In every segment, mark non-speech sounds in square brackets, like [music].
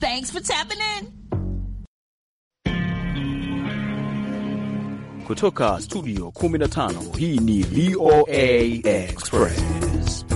Thanks for tapping in. Kutoka studio 15 hii ni VOA Express.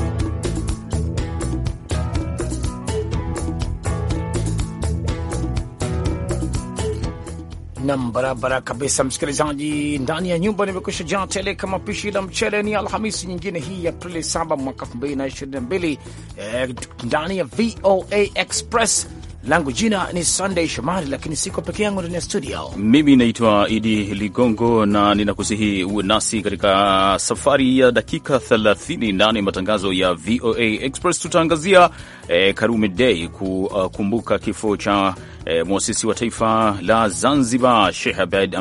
Nam, barabara kabisa, msikilizaji. Ndani ya nyumba nimekusha jaa tele kama pishi la mchele. Ni Alhamisi nyingine hii, Aprili 7 mwaka 2022, eh, ndani ya VOA Express langu jina ni Sunday Shomari, lakini siko peke yangu ndani ya studio. Mimi naitwa Idi Ligongo na ninakusihi uwe nasi katika safari ya dakika 30 ndani ya matangazo ya VOA Express. Tutaangazia eh, Karume Day kukumbuka kifo cha eh, mwasisi wa taifa la Zanzibar Sheikh abed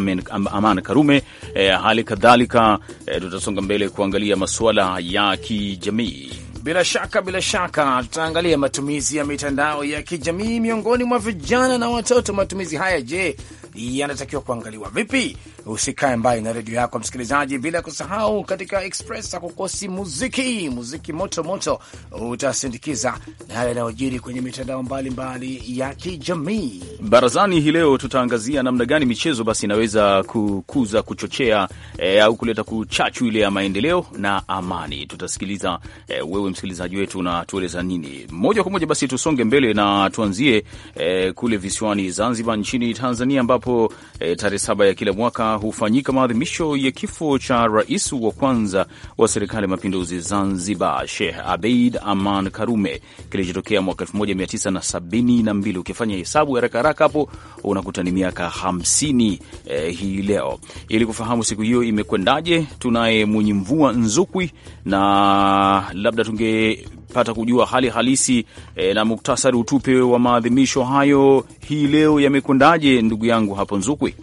Aman Karume. Eh, hali kadhalika eh, tutasonga mbele kuangalia masuala ya kijamii bila shaka, bila shaka tutaangalia matumizi ya mitandao ya kijamii miongoni mwa vijana na watoto. Matumizi haya, je, yanatakiwa kuangaliwa vipi? Usikae mbali na redio yako msikilizaji, bila kusahau katika Express akukosi muziki, muziki moto moto utasindikiza na yale yanayojiri kwenye mitandao mbalimbali ya kijamii. Barazani hii leo tutaangazia namna gani michezo basi inaweza kukuza, kuchochea e, au kuleta kuchachu ile ya maendeleo na amani. Tutasikiliza e, wewe msikilizaji wetu na tueleza nini. Moja kwa moja basi tusonge mbele na tuanzie e, kule visiwani Zanzibar nchini Tanzania ambapo ambapo e, eh, tarehe saba ya kila mwaka hufanyika maadhimisho ya kifo cha rais wa kwanza wa serikali ya mapinduzi Zanzibar, Sheikh Abeid Aman Karume, kilichotokea mwaka 1972. Ukifanya hesabu haraka haraka hapo unakuta ni miaka 50 e, eh, hii leo. Ili kufahamu siku hiyo imekwendaje, tunaye mvua Nzukwi na labda tunge pata kujua hali halisi e, na muktasari utupe wa maadhimisho hayo hii leo yamekwendaje, ndugu yangu hapo Nzukwi?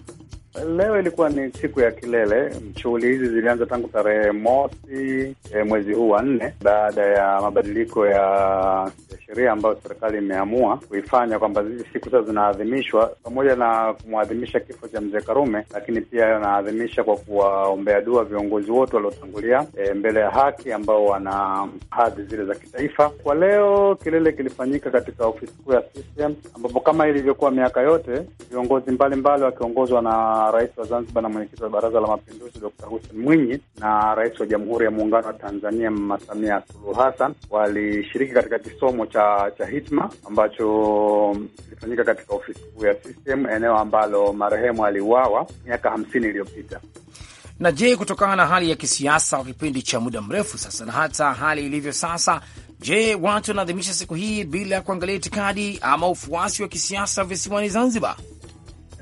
Leo ilikuwa ni siku ya kilele. Shughuli hizi zilianza tangu tarehe mosi eh, mwezi huu wa nne, baada ya mabadiliko ya, ya sheria ambayo serikali imeamua kuifanya kwamba hizi siku sasa zinaadhimishwa pamoja na kumwadhimisha kifo cha mzee Karume, lakini pia anaadhimisha kwa kuwaombea dua viongozi wote waliotangulia e, mbele ya haki ambao wana hadhi zile za kitaifa. Kwa leo kilele kilifanyika katika ofisi kuu ya CCM ambapo kama ilivyokuwa miaka yote viongozi mbalimbali wakiongozwa na rais wa Zanzibar na mwenyekiti wa Baraza la Mapinduzi Dr. Hussein Mwinyi na rais wa Jamhuri ya Muungano wa Tanzania Mama Samia Suluhu Hassan walishiriki katika kisomo cha cha hitma ambacho kilifanyika katika ofisi kuu ya system, eneo ambalo marehemu aliuawa miaka hamsini iliyopita. Na je, kutokana na hali ya kisiasa kwa kipindi cha muda mrefu sasa na hata hali ilivyo sasa, je, watu wanaadhimisha siku hii bila kuangalia itikadi ama ufuasi wa kisiasa visiwani Zanzibar?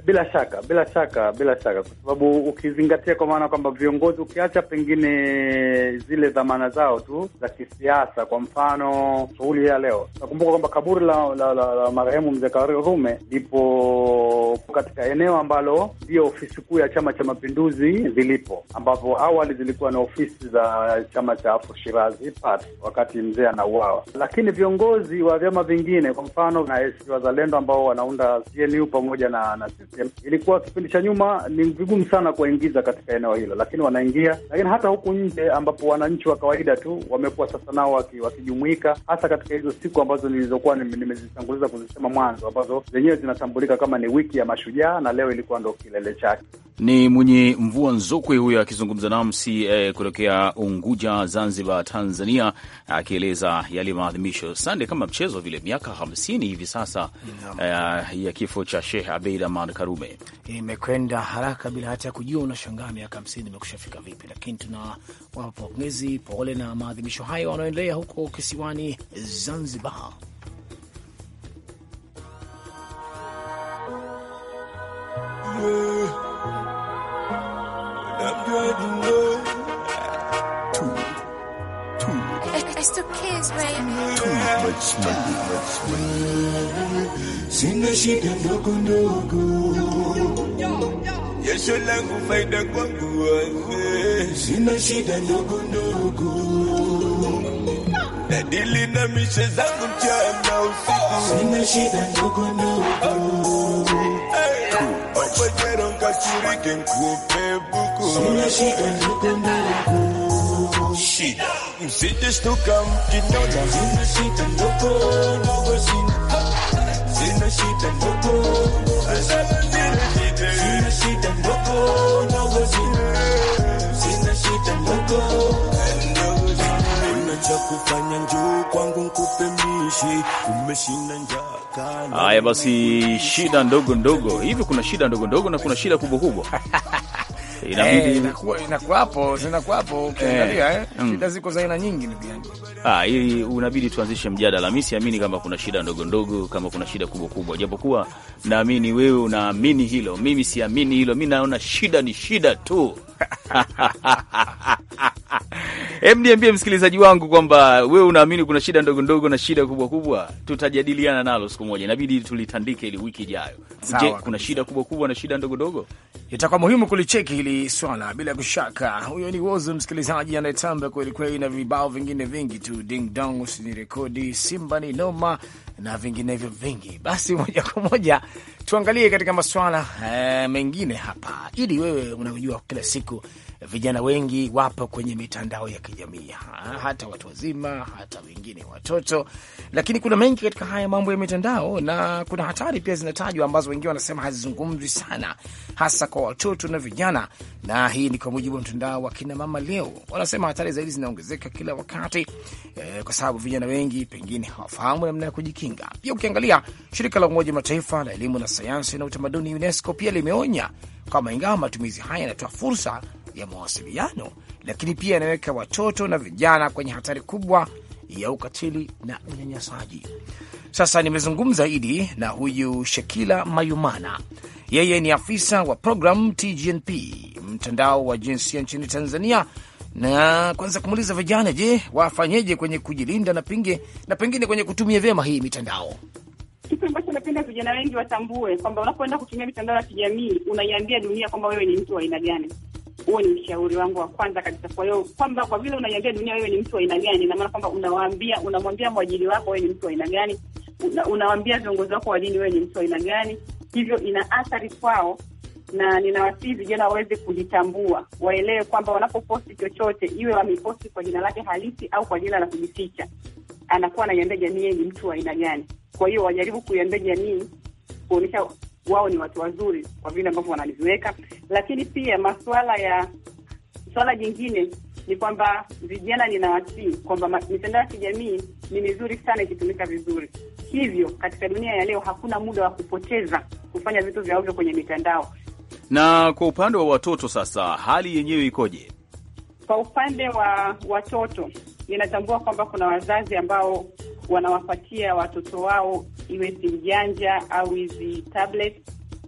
Bila shaka, bila shaka, bila shaka, kwa sababu ukizingatia, kwa maana kwamba viongozi, ukiacha pengine zile dhamana zao tu za kisiasa, kwa mfano shughuli ya leo, nakumbuka kwamba kaburi la, la, la, la marehemu mzee Karume lipo katika eneo ambalo ndio ofisi kuu ya Chama cha Mapinduzi zilipo, ambapo awali zilikuwa na ofisi za chama cha Afro Shirazi Party wakati mzee anauawa, lakini viongozi wa vyama vingine, kwa mfano na ACT Wazalendo ambao wanaunda CNU pamoja na, na ilikuwa kipindi cha nyuma ni vigumu sana kuwaingiza katika eneo hilo, lakini wanaingia. Lakini hata huku nje ambapo wananchi wa kawaida tu wamekuwa sasa nao wakijumuika, hasa katika hizo siku ambazo nilizokuwa nimezitanguliza kuzisema mwanzo, ambazo zenyewe zinatambulika kama ni wiki ya mashujaa, na leo ilikuwa ndo kilele chake. Ni mwenye mvua Nzokwe huyo akizungumza namsi eh, kutokea Unguja, Zanzibar, Tanzania, akieleza yale maadhimisho sande kama mchezo vile miaka hamsini hivi sasa eh, ya kifo cha Sheikh Abeid aman Karume. Imekwenda haraka bila hata ya kujua, unashangaa miaka hamsini fika vipi, lakini tuna pongezi, pole na maadhimisho hayo wanaoendelea huko kisiwani Zanzibar. that good love. Two, two. It's the kids, baby. Too much money, much money. Singa shida ndogo ndogo. Yesho langu faida kwangu. Sina shida ndogo ndogo na dili na mishe zangu mchana usiku, sina shida ndogo ndogo opajero nkashirike nkupe buku, sina shida ndogo ndogo shida msije shtuka mkiniona, sina shida ndogo ndogo sina sina shida ndogo asala ndile sina shida ndogo ndogo sina sina shida ndogo Acha kufanya njoo kwangu nkupe mishi, umeshinda njaa. Haya basi, shida ndogo ndogo hivi, kuna shida ndogo ndogo na kuna shida kubwa kubwa unabidi tuanzishe mjadala. Mi siamini kama kuna shida ndogo ndogo, kama kuna shida kubwa kubwa, japokuwa naamini wewe unaamini hilo, mimi siamini hilo. Mi naona shida ni shida tu [laughs] Hebu niambie msikilizaji wangu kwamba wewe unaamini kuna shida ndogo ndogo na shida kubwa kubwa. Tutajadiliana nalo siku moja, inabidi tulitandike ili wiki ijayo. Je, kuna shida kubwa kubwa na shida ndogo ndogo? Itakuwa muhimu kulicheki hili swala bila kushaka. Huyo ni Wozo, msikilizaji anayetamba kweli kweli, na vibao vingine vingi tu, ding dong, usinirekodi, Simba ni noma na vinginevyo vingi. Basi moja kwa moja tuangalie katika masuala e, eh, mengine hapa, ili wewe unajua, kila siku vijana wengi wapo kwenye mitandao ya kijamii ha, hata watu wazima, hata wengine watoto, lakini kuna mengi katika haya mambo ya mitandao, na kuna hatari pia zinatajwa ambazo wengi wanasema hazizungumzwi sana, hasa kwa watoto na vijana. Na hii ni kwa mujibu wa mtandao wa kina mama leo, wanasema hatari zaidi zinaongezeka kila wakati e, kwa sababu vijana wengi pengine hawafahamu namna ya kujikinga. Pia ukiangalia shirika la Umoja Mataifa la elimu na sayansi na utamaduni UNESCO pia limeonya kwamba ingawa matumizi haya yanatoa fursa ya mawasiliano, lakini pia yanaweka watoto na vijana kwenye hatari kubwa ya ukatili na unyanyasaji. Sasa nimezungumza idi na huyu Shekila Mayumana, yeye ni afisa wa programu TGNP, mtandao wa jinsia nchini Tanzania, na kwanza kumuuliza vijana, je, wafanyeje kwenye kujilinda na pinge na pengine kwenye kutumia vyema hii mitandao? kitu ambacho napenda vijana wengi watambue kwamba unapoenda kutumia mitandao ya kijamii unaiambia dunia kwamba wewe ni mtu wa aina gani. Huo ni ushauri wangu wa kwanza kabisa. Kwa hiyo kwamba kwa vile unaiambia dunia wewe ni mtu wa aina gani, ina maana kwamba unawaambia, unamwambia mwajiri wako wewe ni mtu wa aina gani, unawaambia viongozi wako wa dini wewe ni mtu wa aina gani. Hivyo ina athari kwao, na ninawasihi vijana waweze kujitambua, waelewe kwamba wanapoposti chochote, iwe wameposti kwa jina lake halisi au kwa jina la kujificha, anakuwa anaiambia jamii yeye ni mtu wa aina gani. Kwa hiyo wajaribu kuiambia jamii kuonyesha wao ni watu wazuri kwa vile ambavyo wanaliviweka. Lakini pia masuala ya swala jingine ni kwamba vijana ninawasii kwamba mitandao ya kijamii ni mizuri sana ikitumika vizuri. Hivyo katika dunia ya leo hakuna muda wa kupoteza kufanya vitu vya ovyo kwenye mitandao. Na kwa upande wa watoto sasa, hali yenyewe ikoje? Kwa upande wa watoto ninatambua kwamba kuna wazazi ambao wanawapatia watoto wao iwe simu janja au hizi tablet,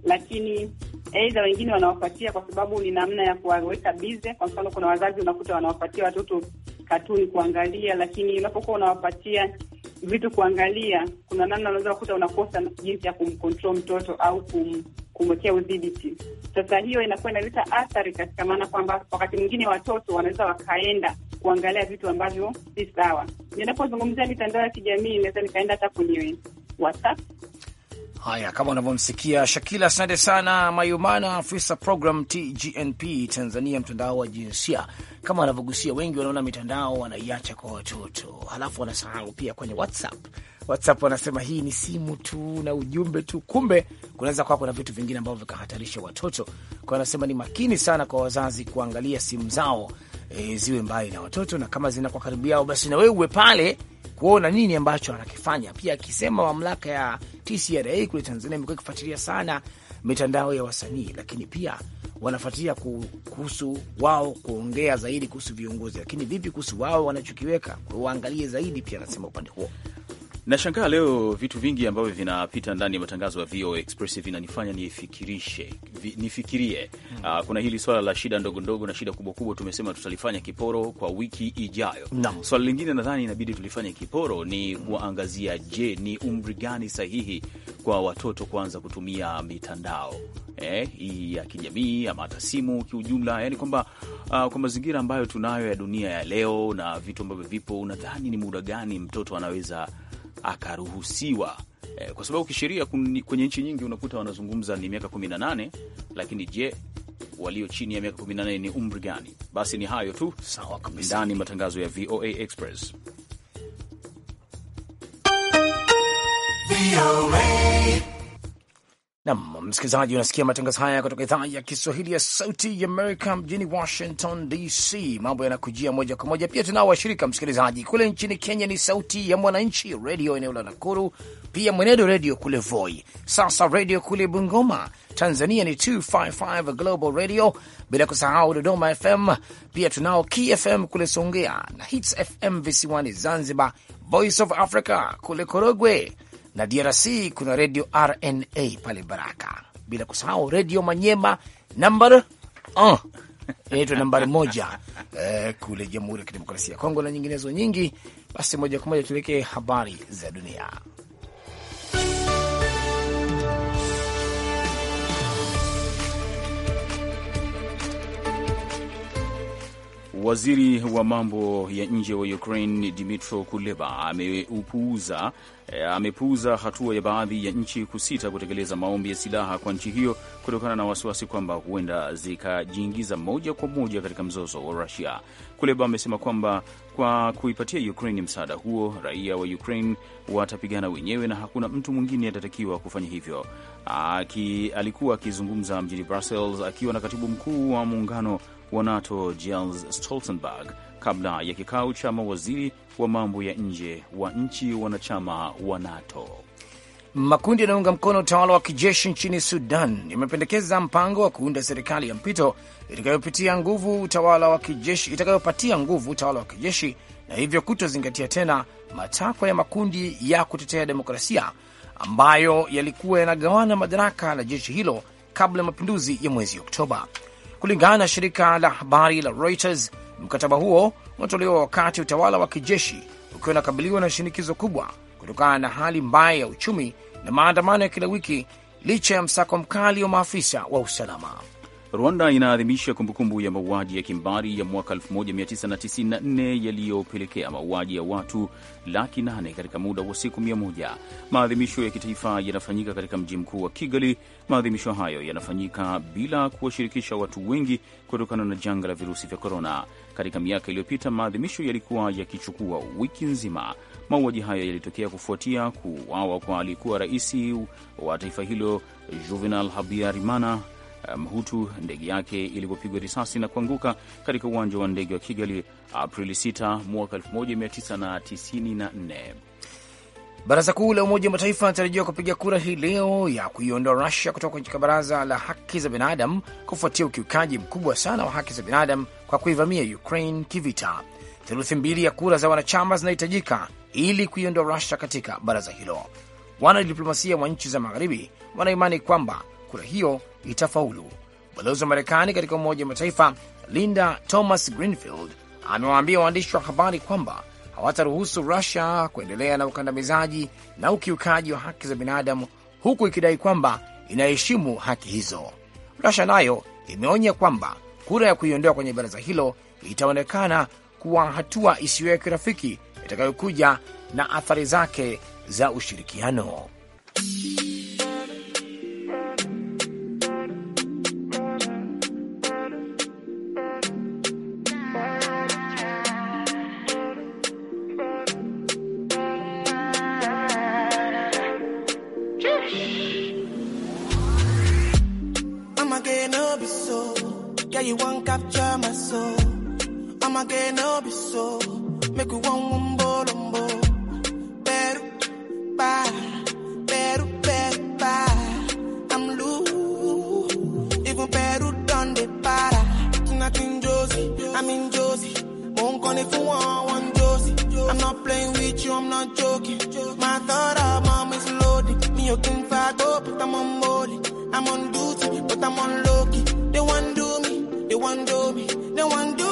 lakini aidha wengine wanawapatia kwa sababu ni namna ya kuwaweka bize. Kwa mfano, kuna wazazi unakuta wanawapatia watoto katuni kuangalia, lakini unapokuwa unawapatia vitu kuangalia, kuna namna unaweza kukuta unakosa jinsi ya kumkontrol mtoto au kum, kumwekea udhibiti. Sasa hiyo inakuwa inaleta athari katika maana kwamba wakati mwingine watoto wanaweza wakaenda kuangalia vitu ambavyo si sawa. Ninapozungumzia mitandao ya kijamii, naweza nikaenda hata kwenye WhatsApp Haya, kama unavyomsikia Shakila, asante sana Mayumana, afisa program TGNP Tanzania, mtandao wa jinsia. Kama wanavyogusia wengi, wanaona mitandao wanaiacha kwa watoto, halafu wanasahau pia kwenye WhatsApp. WhatsApp wanasema hii ni simu tu na ujumbe tu, kumbe kunaweza kuwa kuna vitu vingine ambavyo vikahatarisha watoto. Kwa wanasema ni makini sana kwa wazazi kuangalia simu zao e, ziwe mbali na watoto, na kama zinakuwa karibu yao, basi na wewe uwe pale kuona nini ambacho anakifanya. Pia akisema mamlaka ya TCRA kule Tanzania imekuwa ikifuatilia sana mitandao ya wasanii, lakini pia wanafuatilia kuhusu wao kuongea zaidi kuhusu viongozi, lakini vipi kuhusu wao wanachokiweka, waangalie zaidi. Pia anasema upande huo Nashangaa leo vitu vingi ambavyo vinapita ndani ya matangazo ya VOA Express vinanifanya nifikirishe, vi, nifikirie mm. Uh, kuna hili swala la shida ndogo ndogo na shida kubwa kubwa, tumesema tutalifanya kiporo kwa wiki ijayo no. Swala lingine nadhani inabidi tulifanye kiporo ni kuangazia, je, ni umri gani sahihi kwa watoto kuanza kutumia mitandao eh, hii ya kijamii ama hata simu kiujumla, yani kwamba uh, kwa mazingira ambayo tunayo ya dunia ya leo na vitu ambavyo vipo, unadhani ni muda gani mtoto anaweza akaruhusiwa eh, kwa sababu kisheria kwenye nchi nyingi unakuta wanazungumza ni miaka 18, lakini je, walio chini ya miaka 18 ni umri gani? Basi ni hayo tu. Sawa kabisa, ndani matangazo ya VOA Express. VOA. Nam msikilizaji, unasikia matangazo haya kutoka idhaa ya Kiswahili ya Sauti ya Amerika mjini Washington DC. Mambo yanakujia moja kwa moja. Pia tunao washirika msikilizaji kule nchini Kenya ni Sauti ya Mwananchi redio eneo la Nakuru, pia Mwenedo redio kule Voi, sasa redio kule Bungoma. Tanzania ni 255 Global Radio, bila kusahau Dodoma FM. Pia tunao KFM kule Songea na Hits FM visiwani Zanzibar, Voice of Africa kule Korogwe na DRC kuna redio RNA pale Baraka, bila kusahau redio Manyema nambari 1 uh, inaitwa nambari moja eh, kule Jamhuri ya Kidemokrasia ya Kongo na nyinginezo nyingi. Basi moja kwa moja tuelekee habari za dunia. Waziri wa mambo ya nje wa Ukraine Dmytro Kuleba ameupuuza E, amepuuza hatua ya baadhi ya nchi kusita kutekeleza maombi ya silaha kwa nchi hiyo kutokana na wasiwasi kwamba huenda zikajiingiza moja kwa moja katika mzozo wa Rusia. Kuleba amesema kwamba kwa kuipatia Ukraine msaada huo, raia wa Ukraine watapigana wenyewe na hakuna mtu mwingine atatakiwa kufanya hivyo. Aki, alikuwa akizungumza mjini Brussels akiwa na katibu mkuu wa muungano wa NATO Jens Stoltenberg kabla ya kikao cha mawaziri wa mambo ya nje wa nchi wanachama wa NATO. Makundi yanaunga mkono utawala wa kijeshi nchini Sudan yamependekeza mpango wa kuunda serikali ya mpito itakayopitia nguvu utawala wa kijeshi itakayopatia nguvu utawala wa kijeshi na hivyo kutozingatia tena matakwa ya makundi ya kutetea demokrasia ambayo yalikuwa yanagawana madaraka na jeshi hilo kabla ya mapinduzi ya mwezi Oktoba. Kulingana na shirika la habari la Reuters, Mkataba huo unatolewa wakati utawala wa kijeshi ukiwa unakabiliwa na shinikizo kubwa kutokana na hali mbaya ya uchumi na maandamano ya kila wiki licha ya msako mkali wa maafisa wa usalama. Rwanda inaadhimisha kumbukumbu ya mauaji ya kimbari ya mwaka 1994 yaliyopelekea mauaji ya watu laki nane katika muda wa siku mia moja. Maadhimisho ya kitaifa yanafanyika katika mji mkuu wa Kigali. Maadhimisho hayo yanafanyika bila kuwashirikisha watu wengi kutokana na janga la virusi vya korona. Katika miaka iliyopita, maadhimisho yalikuwa yakichukua wiki nzima. Mauaji hayo yalitokea kufuatia kuuawa kwa aliyekuwa rais wa taifa hilo Juvenal Habyarimana Mhutu um, ndege yake ilipopigwa risasi na kuanguka katika uwanja wa ndege wa Kigali Aprili 6 mwaka 1994. Baraza Kuu la Umoja wa Mataifa anatarajiwa kupiga kura hii leo ya kuiondoa Rusia kutoka katika Baraza la Haki za Binadamu kufuatia ukiukaji mkubwa sana wa haki za binadamu kwa kuivamia Ukraine kivita. Theluthi mbili ya kura za wanachama zinahitajika ili kuiondoa Rusia katika baraza hilo. Wanadiplomasia wa nchi za Magharibi wanaimani kwamba kura hiyo itafaulu. Balozi wa Marekani katika Umoja wa Mataifa Linda Thomas Greenfield amewaambia waandishi wa habari kwamba hawataruhusu Rusia kuendelea na ukandamizaji na ukiukaji wa haki za binadamu, huku ikidai kwamba inaheshimu haki hizo. Rusia nayo imeonya kwamba kura ya kuiondoa kwenye baraza hilo itaonekana kuwa hatua isiyo ya kirafiki itakayokuja na athari zake za ushirikiano. so make we one one bolombo. Peru, pa, Peru, Peru, pa. I'm loose, even Peru done the para. Nothing Josie, I'm in Josie. Won't call it for one, one Josie. I'm not playing with you, I'm not joking. My thought of mom is loaded. Me, you can fag up, but I'm on board. I'm on duty, but I'm on low They They not do me, they won't do me, they won't do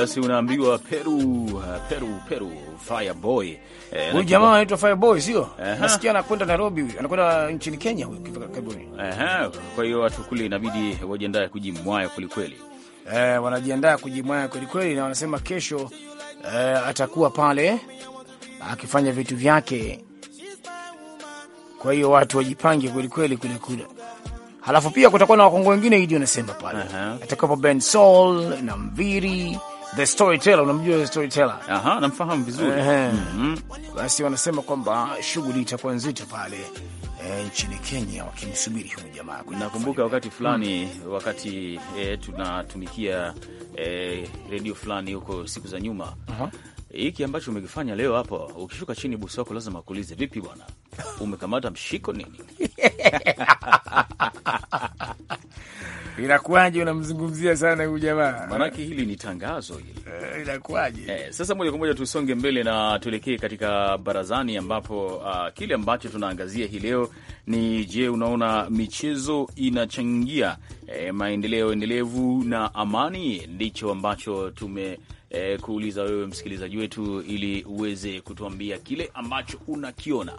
basi unaambiwa Peru, Peru, Peru Fireboy. Eh, huyu jamaa anaitwa Fireboy sio? Nasikia anakwenda Nairobi huyu. Anakwenda nchini Kenya huyu karibuni. Aha. Kwa hiyo watu kule inabidi wajiandae kujimwaya kweli kweli. Eh, wanajiandaa kujimwaya kweli kweli na wanasema kesho eh, atakuwa pale akifanya vitu vyake. Kwa hiyo watu wajipange kweli kweli kule kule. Halafu pia kutakuwa na wakongo wengine hidi wanasema pale. Uh -huh. Atakapo Ben Soul na Mviri The Storyteller, unamjua The Storyteller? Aha, namfahamu vizuri. Mm -hmm. Basi wanasema kwamba shughuli itakuwa nzito pale e, nchini Kenya wakimsubiri huyu jamaa. Nakumbuka wakati fulani mm. wakati e, tunatumikia e, redio fulani huko siku za nyuma uh -huh. Hiki ambacho umekifanya leo hapo, ukishuka chini busi wako lazima akuulize, vipi bwana, umekamata mshiko nini? [laughs] Inakuwaje unamzungumzia sana huyu jamaa? Maanake hili ni tangazo hili. Uh, inakuwaje? Eh, sasa moja kwa moja tusonge mbele na tuelekee katika barazani ambapo uh, kile ambacho tunaangazia hii leo ni je, unaona michezo inachangia eh, maendeleo endelevu na amani? Ndicho ambacho tume E, kuuliza wewe msikilizaji wetu ili uweze kutuambia kile ambacho unakiona.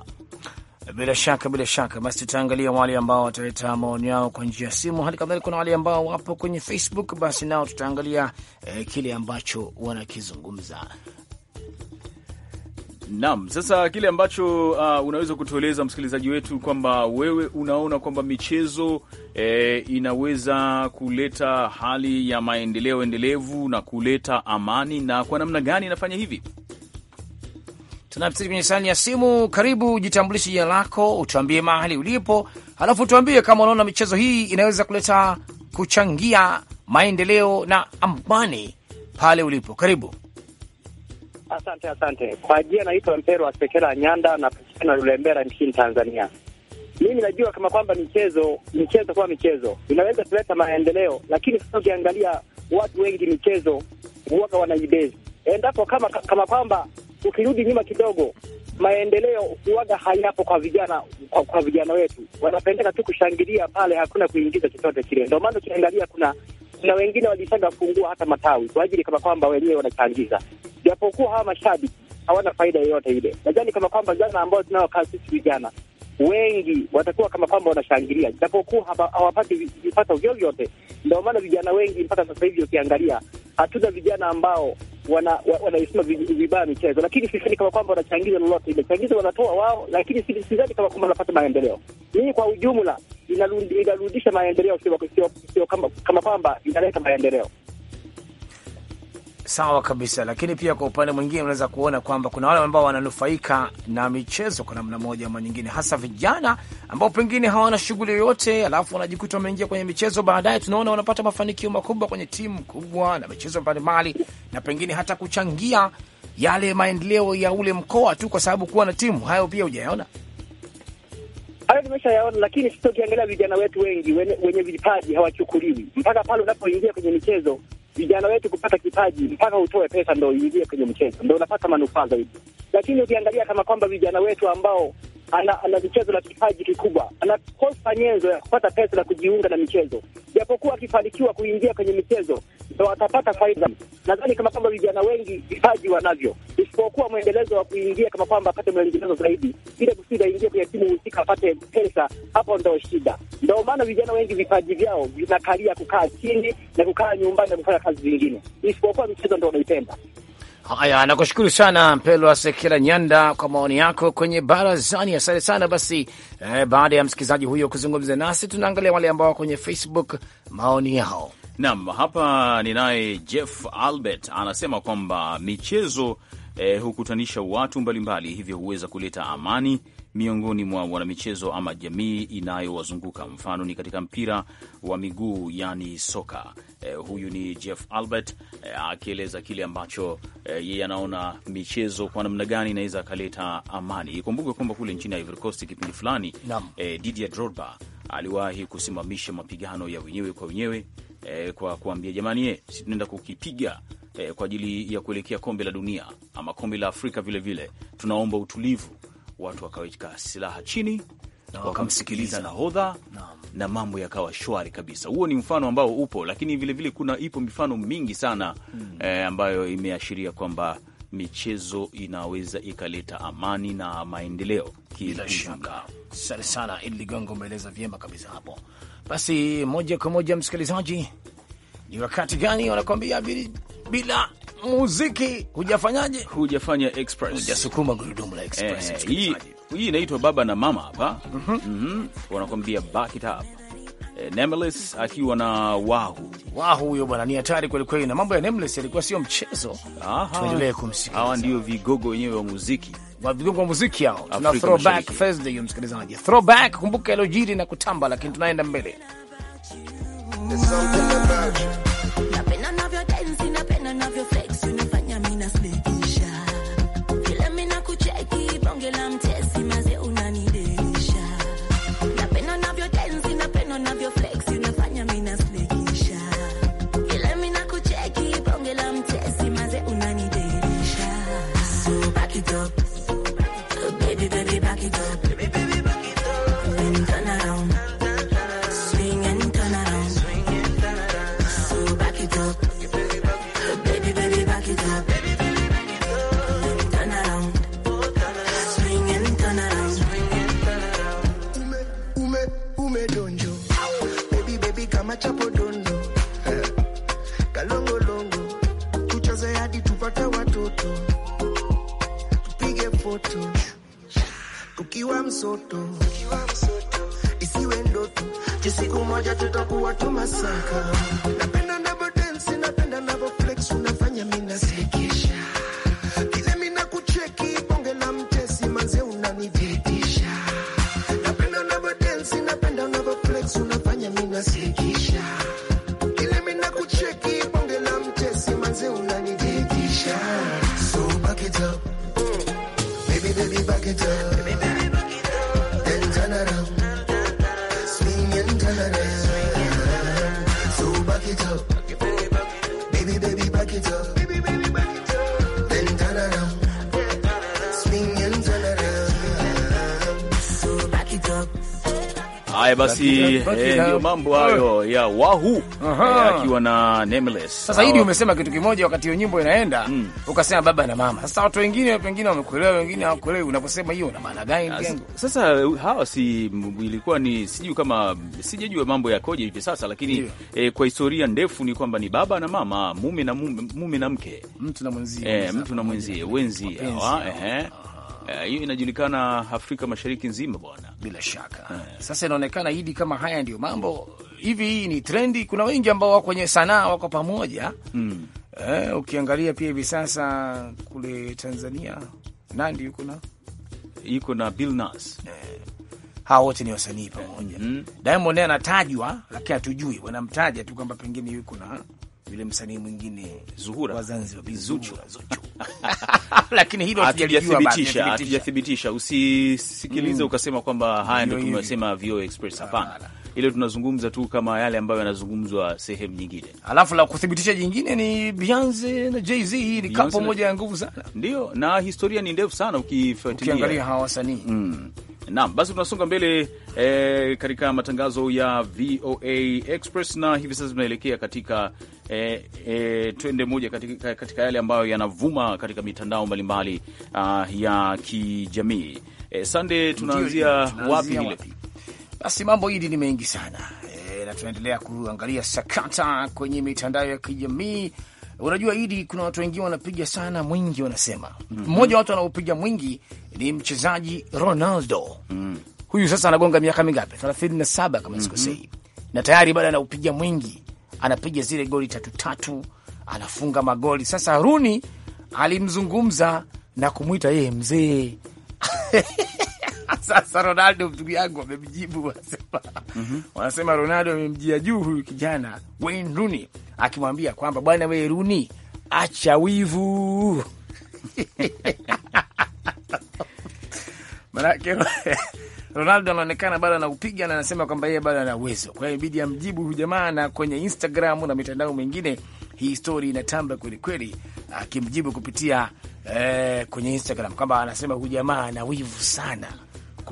Bila shaka, bila shaka. Basi tutaangalia wale ambao wataleta maoni yao kwa njia ya simu, hali kadhalika kuna wale ambao wapo kwenye Facebook, basi nao tutaangalia eh, kile ambacho wanakizungumza. Naam, sasa kile ambacho uh, unaweza kutueleza msikilizaji wetu kwamba wewe unaona kwamba michezo eh, inaweza kuleta hali ya maendeleo endelevu na kuleta amani, na kwa namna gani inafanya hivi? tunapitia kwenye sani ya simu. Karibu, jitambulishe jina lako, utuambie mahali ulipo, halafu tuambie kama unaona michezo hii inaweza kuleta kuchangia maendeleo na amani pale ulipo. Karibu. Asante, asante kwa jina. Naitwa Mpero Asekela Nyanda na napatikana Lulembera nchini Tanzania. Mimi najua kama kwamba michezo michezo kwa michezo inaweza kuleta maendeleo, lakini sasa ukiangalia watu wengi michezo huwaka wanaibezi endapo kama kama kwamba Ukirudi nyuma kidogo, maendeleo huwaga hayapo kwa vijana, kwa, kwa vijana wetu wanapendeka tu kushangilia pale, hakuna kuingiza chochote kile. Ndio maana ukiangalia kuna na wengine walishaga kufungua hata matawi kwa ajili kama kwamba wenyewe wanachangiza, japokuwa hawa mashabiki hawana faida yoyote ile. Nadhani kama kwamba jana ambao tunao sisi vijana wengi watakuwa kama kwamba wanashangilia, japokuwa hawapati vipato vyovyote. Ndio maana vijana wengi mpaka sasa hivi ukiangalia, hatuna vijana ambao wanaisema vibaya michezo, lakini sidhani kama kwamba wanachangiza lolote. Imechangiza wanatoa wao, lakini sidhani kama kwamba wanapata maendeleo. Mimi kwa ujumla inarudisha maendeleo, sio kama kwamba inaleta maendeleo. Sawa kabisa, lakini pia kwa upande mwingine unaweza kuona kwamba kuna wale ambao wananufaika na michezo kwa namna moja ama nyingine, hasa vijana ambao pengine hawana shughuli yoyote, alafu wanajikuta wameingia kwenye michezo, baadaye tunaona wanapata mafanikio makubwa kwenye timu kubwa na michezo mbalimbali, na pengine hata kuchangia yale maendeleo ya ule mkoa tu kwa sababu kuwa na timu. Hayo pia hujayaona? Hayo nimeshayaona, lakini sasa ukiangalia vijana wetu wengi wenye, wenye vipaji hawachukuliwi mpaka pale unapoingia kwenye michezo vijana wetu kupata kipaji, mpaka utoe pesa ndo uingie kwenye mchezo, ndo unapata manufaa zaidi. Lakini ukiangalia kama kwamba vijana wetu ambao ana, ana michezo na kipaji kikubwa, anakosa nyenzo ya kupata pesa na kujiunga na michezo, japokuwa akifanikiwa kuingia kwenye michezo ndo atapata faida. Nadhani kama kwamba vijana wengi vipaji wanavyo, isipokuwa mwendelezo wa kuingia, kama kwamba apate mwendelezo zaidi, ile kusudi aingie kwenye timu husika apate pesa, hapo ndo shida. Ndo maana vijana wengi vipaji vyao vinakalia kukaa chini na kukaa nyumbani na kufanya kazi zingine, isipokuwa michezo ndo wanaipenda. Haya, nakushukuru sana Mpelwa Sekela Nyanda kwa maoni yako kwenye barazani. Asante sana. Basi eh, baada ya msikilizaji huyo kuzungumza nasi, tunaangalia wale ambao kwenye Facebook maoni yao. Naam, hapa ninaye Jeff Albert anasema kwamba michezo eh, hukutanisha watu mbalimbali, hivyo huweza kuleta amani miongoni mwa wanamichezo ama jamii inayowazunguka. Mfano ni katika mpira wa miguu yani soka. Eh, huyu ni Jeff Albert eh, akieleza kile ambacho eh, yeye anaona michezo kwa namna gani inaweza akaleta amani. Ikumbuke kwamba kule nchini Ivory Coast kipindi fulani eh, Didier Drogba aliwahi kusimamisha mapigano ya wenyewe kwa wenyewe eh, kwa kuambia jamani, eh, si tunaenda kukipiga eh, kwa ajili ya kuelekea kombe la dunia ama kombe la Afrika vilevile vile. Tunaomba utulivu, watu wakaweka silaha chini wakamsikiliza nahodha na, na mambo yakawa shwari kabisa. Huo ni mfano ambao upo, lakini vilevile vile kuna ipo mifano mingi sana mm, eh, ambayo imeashiria kwamba michezo inaweza ikaleta amani na maendeleo. Bila shaka, asante sana Idi Ligongo, umeeleza vyema kabisa hapo. Basi moja kwa moja, msikilizaji, ni wakati gani wanakuambia bila muziki hujafanyaje, hujafanya express, hujasukuma gurudumu la express. Eh, hii hii inaitwa baba na mama hapa, mm -hmm. mm -hmm. wanakwambia back it up eh, Nameless akiwa na wahu wahu, huyo bwana ni hatari kweli kweli, na mambo ya Nameless yalikuwa sio mchezo. Tuendelee kumsikiliza, hawa ndio vigogo wenyewe wa muziki wa vigogo wa muziki hao. Tuna throwback Thursday, msikilizaji, throwback, kumbuka yaliyojiri na kutamba, lakini tunaenda mbele napenda navyo flex unifanya mina slekisha, kila mina kucheki bonge la mte Haya basi, eh, ndio mambo hayo ya Wahu eh, akiwa na Nameless. Sasa hivi umesema kitu kimoja wakati hiyo nyimbo inaenda, mm. ukasema baba na mama. Sasa watu wengine pengine wamekuelewa, wengine hawakuelewi. Unaposema hiyo una maana gani? Sasa hawa si ilikuwa ni sijui kama sijajua mambo yakoje hivi sasa, lakini eh, kwa historia ndefu ni kwamba ni baba na mama, mume na mume, mume na mke, mtu na mwenzie, eh, mtu na mwenzie, wenzi hawa eh Eh, hiyo uh, inajulikana Afrika Mashariki nzima bwana, bila shaka uh. Sasa inaonekana hidi kama haya ndio mambo hivi, hii ni trendi. Kuna wengi ambao wako kwenye sanaa wako pamoja mm. Uh, ukiangalia pia hivi sasa kule Tanzania Nandi yuko na yuko na Bill uh, hawa wote ni wasanii pamoja mm Diamond naye anatajwa, lakini hatujui wanamtaja tu kwamba pengine yuko na yule msanii mwingine Zuhura wa Zanzibar Bizuchu, [laughs] [laughs] lakini hilo hatujathibitisha. Usisikilize mm, ukasema kwamba haya ndio tumesema Vio Express. Hapana, ile tunazungumza tu kama yale ambayo yanazungumzwa sehemu nyingine. Alafu la kuthibitisha jingine ni Beyonce na Jay-Z, ni kapo moja ya nguvu sana, ndio na historia ni ndefu sana ukifuatilia, ukiangalia hawa wasanii mm. Naam, basi tunasonga mbele e, katika matangazo ya VOA Express na hivi sasa tunaelekea katika e, e, twende moja katika, katika yale ambayo yanavuma katika mitandao mbalimbali uh, ya kijamii e, Sande, tunaanzia wapi hile? Basi mambo hili ni mengi sana e, na tunaendelea kuangalia sakata kwenye mitandao ya kijamii Unajua Idi, kuna watu wengine wanapiga sana mwingi, wanasema mhm. mmoja mm -hmm. wa watu wanaopiga mwingi ni mchezaji Ronaldo mm -hmm. Huyu sasa anagonga miaka mingapi? saba kama mhm. sikosei. mm -hmm. na tayari bado anaupiga mwingi, anapiga zile goli tatu tatu, anafunga magoli. Sasa Runi alimzungumza na kumwita yeye mzee [laughs] [laughs] Sasa Ronaldo ndugu yangu amemjibu, wanasema mm -hmm. Ronaldo amemjia juu huyu kijana Wayne Rooney akimwambia kwamba bwana we Rooney, acha wivu [laughs] manake [laughs] Ronaldo anaonekana bado anaupiga na anasema kwamba yeye bado ana uwezo, kwa hiyo ibidi amjibu huyu jamaa, na kwenye Instagram na mitandao mingine hii stori inatamba kwelikweli, akimjibu kupitia eh, kwenye Instagram kwamba anasema huyu jamaa ana wivu sana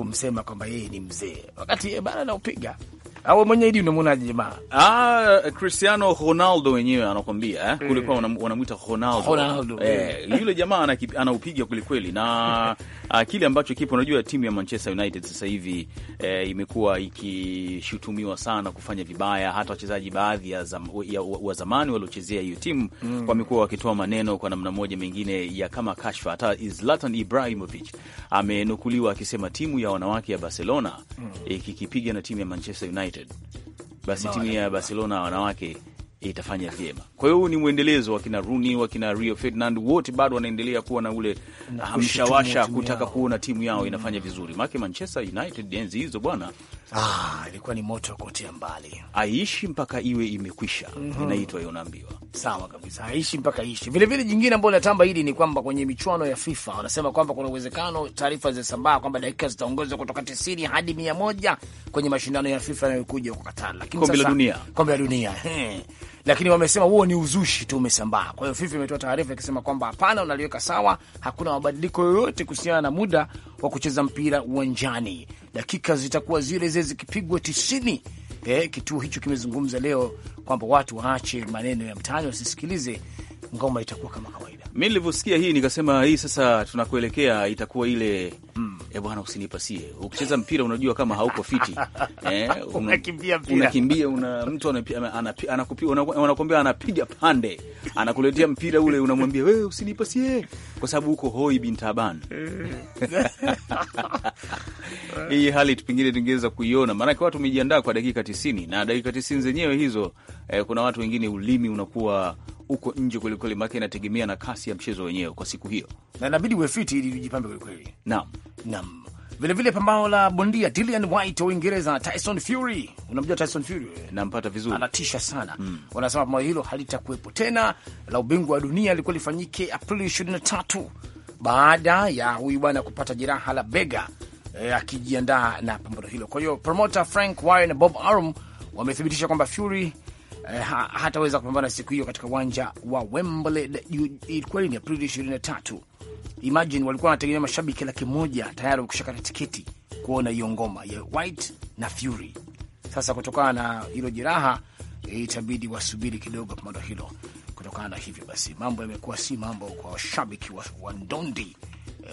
kumsema kwamba yeye ni mzee, wakati yeye bana anaupiga au mwenyeji unamwonaje jamaa? Ah, Cristiano Ronaldo wenyewe anakwambia eh, mm. kulikuwa wanamwita Ronaldo, Ronaldo eh, [laughs] yule jamaa anaupiga kwelikweli na uh, [laughs] kile ambacho kipo, unajua timu ya Manchester United sasa hivi eh, imekuwa ikishutumiwa sana kufanya vibaya. Hata wachezaji baadhi ya, zam, ya wa zamani waliochezea hiyo timu mm, wamekuwa wakitoa maneno kwa namna moja mengine ya kama kashfa. Hata Zlatan Ibrahimovic amenukuliwa akisema timu ya wanawake ya Barcelona mm. ikikipiga mm, eh, na timu ya Manchester United United. Basi timu ya Barcelona wanawake itafanya vyema. Kwa hiyo huu ni mwendelezo, wakina Rooney, wakina Rio Ferdinand wote bado wanaendelea kuwa na ule hamshawasha ah, kutaka kuona timu yao inafanya vizuri, maake Manchester United enzi hizo bwana, ah, ilikuwa ni moto kotea mbali, aishi mpaka iwe imekwisha. mm -hmm. Inaitwa hiyo, naambiwa sawa kabisa, aishi mpaka ishi. Vilevile jingine ambayo inatamba hili ni kwamba kwenye michuano ya FIFA wanasema kwamba kuna uwezekano, taarifa zinasambaa kwamba dakika zitaongezwa kutoka tisini hadi mia moja kwenye mashindano ya FIFA yanayokuja kwa Katari, lakini kombe la dunia, kombe la dunia lakini wamesema huo ni uzushi tu umesambaa. Kwa hiyo FIFA imetoa taarifa ikisema kwamba hapana, unaliweka sawa, hakuna mabadiliko yoyote kuhusiana na muda wa kucheza mpira uwanjani. Dakika zitakuwa zile zile zikipigwa tisini. Eh, kituo hicho kimezungumza leo kwamba watu waache maneno ya mtaani, wasisikilize ngoma, itakuwa kama kawaida. Mi nilivyosikia hii nikasema hii sasa tunakuelekea itakuwa ile mm. eh bwana, usinipasie. Ukicheza mpira unajua kama hauko fiti [laughs] eh, unakimbia una, unakimbia una, mtu anakuambia anapiga pande, anakuletea mpira ule, unamwambia wewe usinipasie kwa sababu uko hoi bintaban eh. [laughs] Hii hali pengine tungeweza kuiona, maanake watu umejiandaa kwa dakika tisini na dakika tisini zenyewe hizo eh, kuna watu wengine ulimi unakuwa uko nje kwelikweli, maake inategemea na kasi ya mchezo wenyewe kwa siku hiyo, na inabidi uwe fiti ili ujipambe kwelikweli. Naam. Nam vilevile pambano la bondia Dillian White wa Uingereza na Tyson Fury. Unamjua Tyson Fury? Nampata vizuri, anatisha sana mm. Wanasema pambano hilo halitakuwepo tena, la ubingwa wa dunia likuwa lifanyike Aprili 23 baada ya huyu bwana kupata jeraha la bega e, akijiandaa na pambano hilo. Kwa hiyo promota Frank Wire na Bob Arum wamethibitisha kwamba Fury e, hataweza kupambana siku hiyo katika uwanja wa Wembley. Ilikuwa ni Aprili 23 imagine walikuwa wanategemea mashabiki laki moja tayari wakushakata tiketi kuona hiyo ngoma ya White na Fury. Sasa kutokana na hilo jeraha, eh, itabidi wasubiri kidogo pamoja hilo. Kutokana na hivyo basi, mambo yamekuwa si mambo kwa washabiki wa, wa ndondi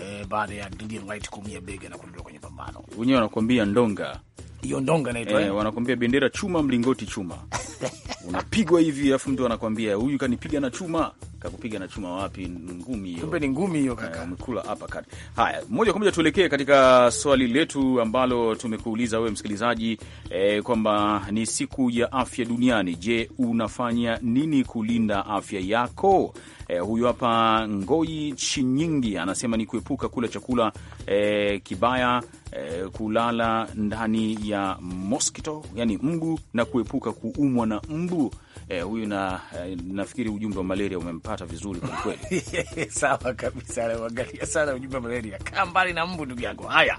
e, baada ya Dillian White kuumia bega na kuondoka kwenye pambano. Wenyewe wanakuambia ndonga hiyo ndonga naitwa eh, wanakuambia bendera chuma, mlingoti chuma [laughs] unapigwa hivi, alafu mtu anakwambia huyu kanipiga na chuma kakupiga na chuma wapi? Ngumi hiyo, kumbe ni ngumi hiyo eh, kaka, umekula uppercut. Haya, moja kwa moja tuelekee katika swali letu ambalo tumekuuliza wewe msikilizaji, e, kwamba ni siku ya afya duniani. Je, unafanya nini kulinda afya yako? E, huyu hapa Ngoi Chinyingi anasema ni kuepuka kula chakula e, kibaya e, kulala ndani ya mosquito, yani mbu, na kuepuka kuumwa na mbu E, huyu na, e, nafikiri ujumbe wa malaria umempa kuipata vizuri kwa kweli. [laughs] Sawa kabisa, naangalia sana ujumbe wa malaria. Kaa mbali na mbu, ndugu yangu. Haya,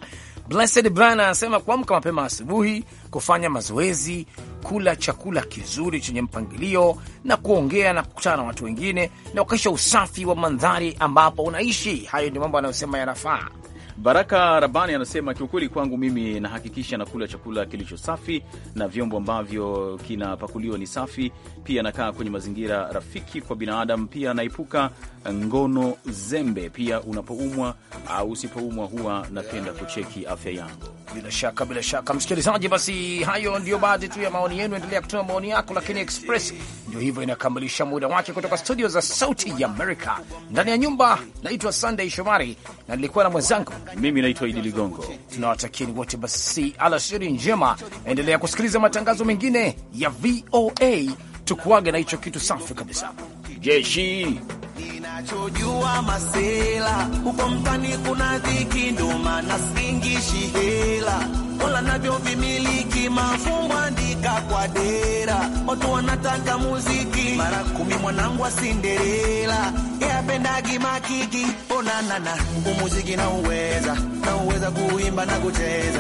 Blessed Brana anasema kuamka mapema asubuhi, kufanya mazoezi, kula chakula kizuri chenye mpangilio na kuongea na kukutana na watu wengine na kukesha usafi wa mandhari ambapo unaishi. Hayo ndio mambo anayosema yanafaa. Baraka Rabani anasema kiukweli, kwangu mimi nahakikisha nakula chakula kilicho safi na vyombo ambavyo kinapakuliwa ni safi. Pia nakaa kwenye mazingira rafiki kwa binadamu. Pia naepuka ngono zembe. Pia unapoumwa au usipoumwa, huwa napenda kucheki afya yangu. Bila shaka, bila shaka msikilizaji, basi hayo ndiyo baadhi tu ya maoni yenu. Endelea kutoa maoni yako, lakini Express ndio hivyo inakamilisha muda wake kutoka studio za Sauti ya Amerika. Ndani ya nyumba naitwa Sunday Shomari na nilikuwa na mwenzangu, mimi naitwa Idi Ligongo. Tunawatakieni wote basi alasiri njema, endelea kusikiliza matangazo mengine ya VOA. Tukuage na hicho kitu safi kabisa, jeshi nachojua masela huko mtani kuna dhiki, ndo maana siingishi hela wala navyo vimiliki mafumbo, andika kwa dera, watu wanataka muziki mara kumi. Mwanangu wa Cinderella yapendagi makiki, onanana umuziki na uweza na uweza kuimba na kucheza